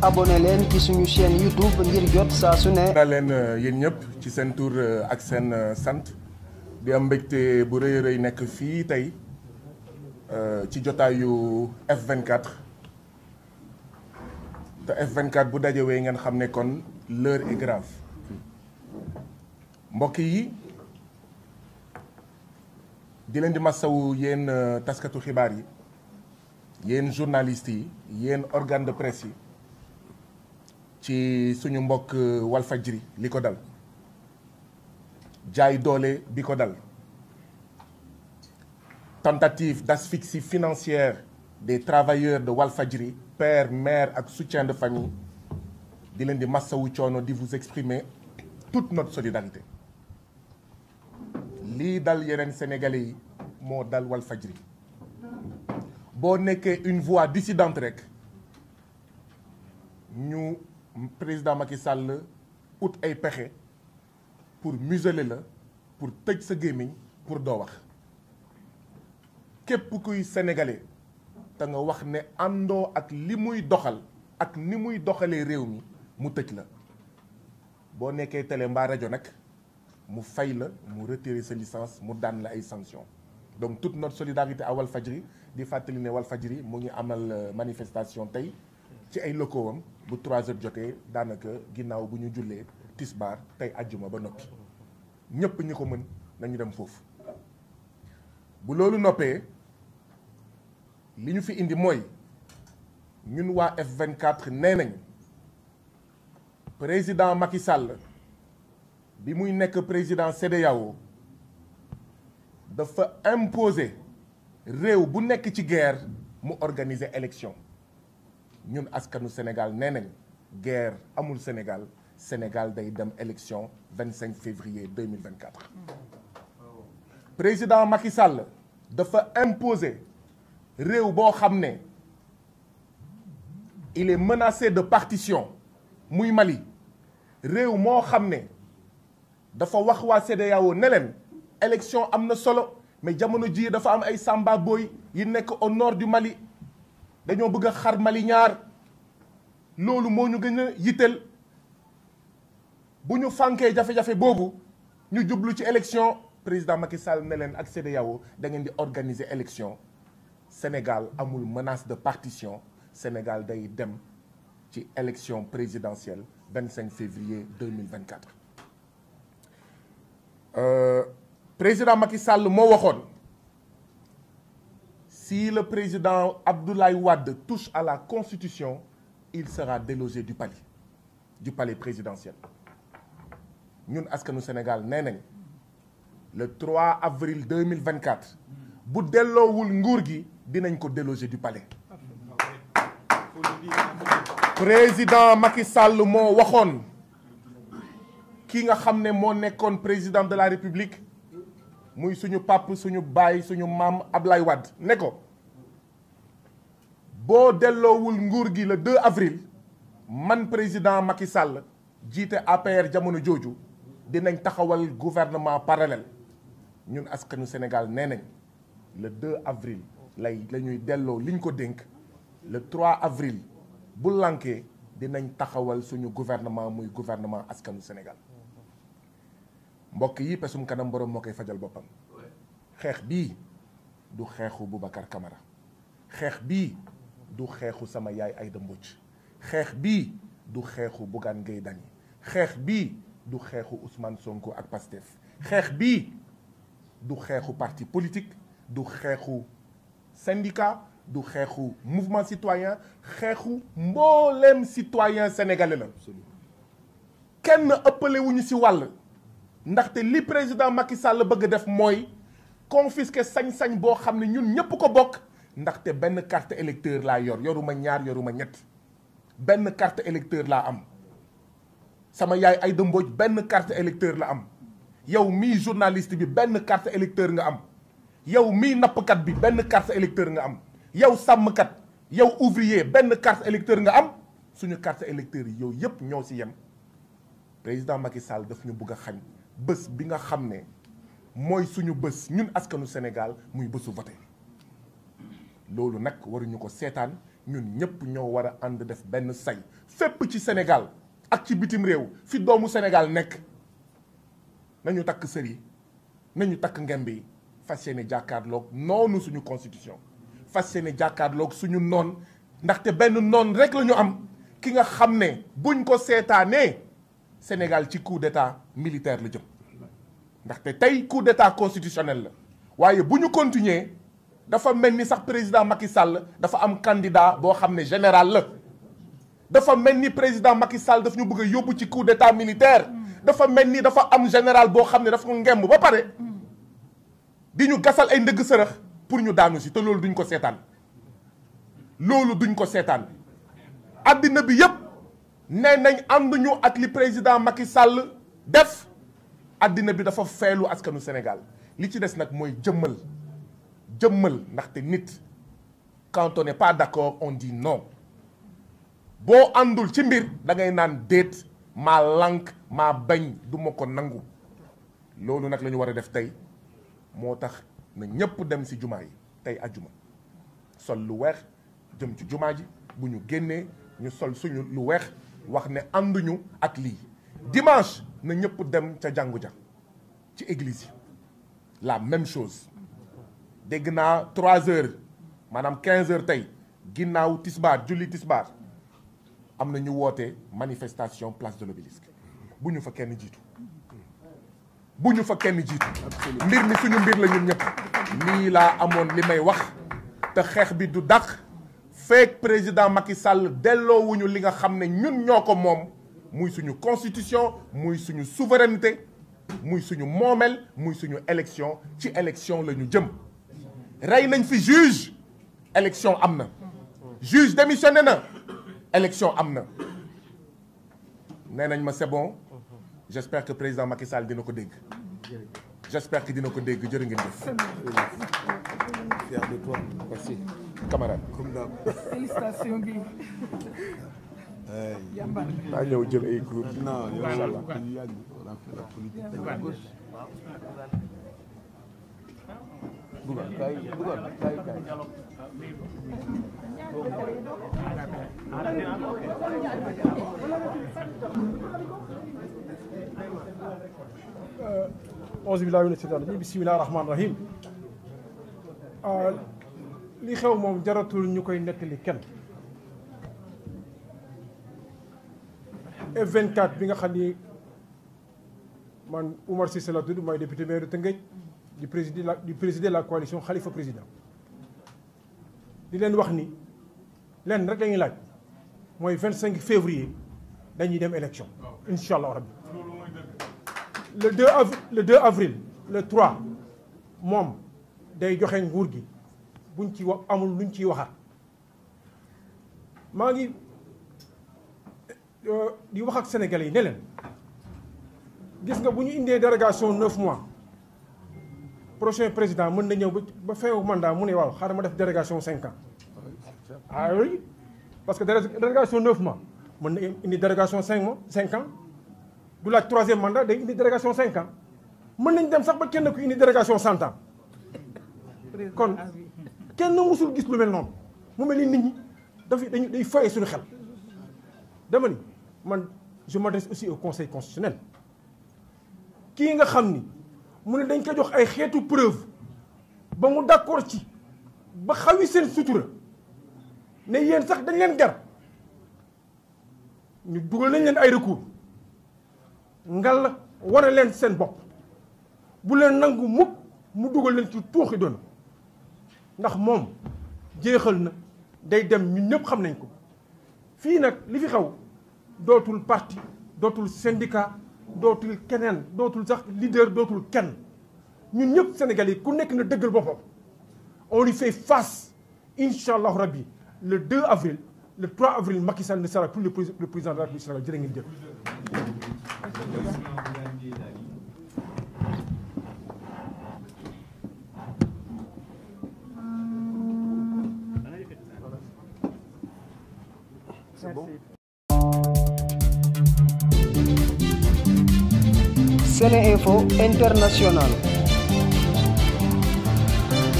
abonné leen ci suñu chaîne YouTube ngir jot saa su ne. naa leen euh, yéen ñëpp ci seen tur euh, ak seen euh, sant di am mbégte bu rëy rëy nekk fii tey ci jotaayu F24 te F24 bu dajewee ngeen xam ne kon l'heure est grave mbokk yi di leen di masawu yéen taskatu xibaar yi yéen journalistes yi yéen organe de presse yi. ci suñu mbokk euh, Walfajri li ko dal jaay doole bi ko dal tentative d'asphyxie financière des travailleurs de Walfajri père maire ak soutien de famille di leen di wu coono di vous exprimer toute notre solidarité lii dal yeneen sénégalais yi moo dal Walfajri boo nekkee une voix dissidente rek ñu président Macky Sall ut ay pexe pour museler la pour tëj sa gémmiñ pour doo wax képp kuy sénégale te nga wax ne àndoo ak li muy doxal ak ni muy doxalee réew mi mu tëj la boo nekkee tele mbaa rajo nag mu fay la mu retirer sa licence mu daan la ay sanctions donc tout notre solidarité à Walfadjri di fàttali ne Walfadjri mu ngi amal euh, manifestation tey ci ay locaux bu trois heures jotee daanaka ginnaaw bu ñu jullee tisbaar tey àjjuma ba noppi ñëpp ñi ko mën nañu dem foofu. bu loolu noppee li ñu fi indi mooy ñun waa F24 nee nañ président Macky Sall bi muy nekk président CEDEAO dafa imposer réew bu nekk ci guerre mu organiser élection. ñun askanu Sénégal nee nañ guerre amul Sénégal Sénégal day dem élection 25 février 2024. président Macky Sall dafa imposer réew boo xam ne il est menacé de partition muy Mali réew moo xam ne dafa wax waa CEDEAO ne leen élection am na solo mais jamono jii dafa am ay Samba Boy yi nekk au nord du Mali. dañoo bëgg a xar Mali ñaar loolu moo ñu gën a yitteel bu ñu fànkee jafe-jafe boobu ñu jublu ci élection président Macky Sall ne leen ak CEDEAO da ngeen di organiser élection Sénégal amul menace de partition Sénégal day dem ci élection présidentielle 25 février 2024 euh, président Macky Sall moo waxoon. si le président Abdoulaye Wade touche à la constitution il sera délogé du palais du palais présidentiel ñun askanu Sénégal nee nañ le 3 avril 2024 bu delloowul nguur gi dinañ ko déloger du palais président Macky Sall moo waxoon ki nga xam ne moo nekkoon président de la République muy suñu pàpp suñu baay suñu maam ab lay Wade ne ko boo delloowul nguur gi la 2 avril man président Macky Sall jiite APR jamono jooju dinañ taxawal gouvernement parallèle ñun askanu Sénégal nee nañ le 2 avril lay la ñuy delloo liñ ko dénk le 3 avril bu lànkee dinañ taxawal suñu gouvernement muy gouvernement askanu Sénégal mbokk yi pesum kanam borom moo koy fajal boppam xeex bii du xeexu Boubacar Camara xeex bii du xeexu sama yaay Aïda Mbodj xeex bii du xeexu Bougane Gueye Dany xeex bii du xeexu Ousmane Sonko ak Pastef xeex bii du xeexu parti politique du xeexu syndicat du xeexu mouvement citoyen xeexu mbooleem citoyen sénégalais la kenn ëppale wu ñu ci wàll ndaxte li président Macky la bëgg def mooy confisque sañ-sañ boo xam ne ñun ñëpp ko bokk ndaxte benn carte électeur laa yor yoruma ñaar yoruma ñett benn carte électeur laa am sama yaay ay dëmbooj benn carte électeur la am yow mii journaliste bi benn carte électeur nga am yow mii nappkat bi benn carte électeur nga am yow sàmmkat yow ouvrier benn carte électeur nga am suñu carte électeur yi yow yëpp ñoo ci yem président Macky Sall daf ñu bugg a xañ bës bi nga xam ne mooy suñu bës ñun askanu Sénégal muy bésu vote loolu nag waruñu ko seetaan ñun ñëpp ñoo war a ànd def benn say fépp ci Sénégal ak ci bitim réew fi doomu Sénégal nekk nañu takk sëri nañu takk ngemb yi fas yéene jàkkaarloog noonu suñu constitution fas yéene jàkkaarloog suñu noon ndaxte benn noon rek la ñu am ki nga xam ne buñ ko seetaanee Sénégal ci coup d'état militaire la jëm ndaxte tey coup d'état constitutionnel la waaye bu ñu continuer dafa mel ni sax président Macky Sall dafa am candidat boo xam ne général la dafa mel ni président Macky Sall daf ñu bëgg a yóbbu ci coup d'état militaire dafa mel ni dafa am général boo xam ne dafa ko ngemb ba pare di ñu gasal ay ndëgg sërëx pour ñu daanu si te loolu duñ ko seetaan loolu duñ ko seetaan addina bi yëpp ne nañ ànduñu ak li président Macky Sall def àddina bi dafa feelu askanu senegal li ci des nag mooy jëmmal jëmmal ndaxte nit quand on n'est pas d'accord on dit non boo àndul ci mbir dangay naan déet maa lànk maa bañ du ma ko nangu loolu nag lañu ñu war a def tey moo tax na ñëpp dem si jumaa yi tey ajuma sol lu weex jëm ci jumaa ji bu ñu génnee ñu sol suñu lu weex wax ne ànduñu ak lii dimanche na ñëpp dem ca jàngu ja ci église yi la même chose dégg naa trois heures maanaam quinze heures tey ginnaaw tisbaar julli tisbaar am na ñu woote manifestation place de l'obélisque bu ñu fa kenn jiitu bu ñu fa kenn jiitu mbir mi suñu mbir la ñun ñëpp lii laa amoon li may wax te xeex bi du dàq feek président Macky Sall wuñu li nga xam ne ñun ñoo ko moom muy suñu constitution muy suñu souveraineté muy suñu moomeel muy suñu élection ci élection lañu jëm rey nañ fi juge élection am na juge démissionné na élection am na nee nañ ma c'est bon j'espère que président Macky Sall dina ko dégg j'espère que dina ko dégg jërë ngeen jëf daa ñëw jël ay cours. incha allah. dugal kay dugal kay kay. auzu billaahi mina sheytaani rajiim bismillaahi rahmaani rahiim ah, li xew moom jaratul ñu koy nettali kenn. vingt quatre bi nga xam ni man Oumar Cissé la tudd mooy député maire de Tëngéej di présider la di présider la coalition Khalifa président di leen wax ni leen rek lañuy laaj mooy vingt cinq février dañuy dem élection incha allah rabbi le le 2 avril le 3 moom day joxe nguur gi buñ ci wax amul luñ ciy waxaat maa ngi. Euh, di wax ak sénégalais yi ne leen gis nga bu ñu indee dérogation neuf mois prochain président mën na ñëw ba feewu mandat mu ne waaw xaaral ma def dérogation cinq ans ah parce que dérogation neuf mois mën na indi dérogation cinq mois cinq ans du laaj troisième mandat day indi dérogation cinq ans mën nañ dem sax ba kenn ku indi dérogation cent ans kon ah kenn musul gis lu mel noonu mu mel ni nit ñi dafay dañu day fay suñu xel dama man je m'adresse aussi au conseil constitutionnel kii nga xam ni mu ne dañ ko jox ay xeetu preuve ba mu d'accord ci ba xawi seen sutura ne yéen sax dañ leen gar ñu dugal nañ leen ay recours ngal wane leen seen bopp bu leen nangu mukk mu dugal leen ci tuuxi doon ndax moom jeexal na day dem ñu ñëpp xam nañ ko fii nag li fi xaw dootul parti dootul syndicat dootul keneen dootul sax leader dootul kenn ñun ñëpp Sénégalais yi ku nekk na dëggal boppam on lui fait face incha allahu rabbi le 2 avril le 3 avril Macky Sall ne sera plus le président de la République jërë ngeen jëf Sene Info International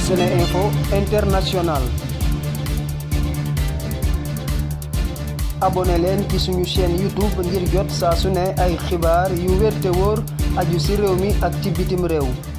Sene leen ci suñu chaîne YouTube ngir jot saa su ne ay xibaar yu wér te aju ci réew mi ak ci bitim réew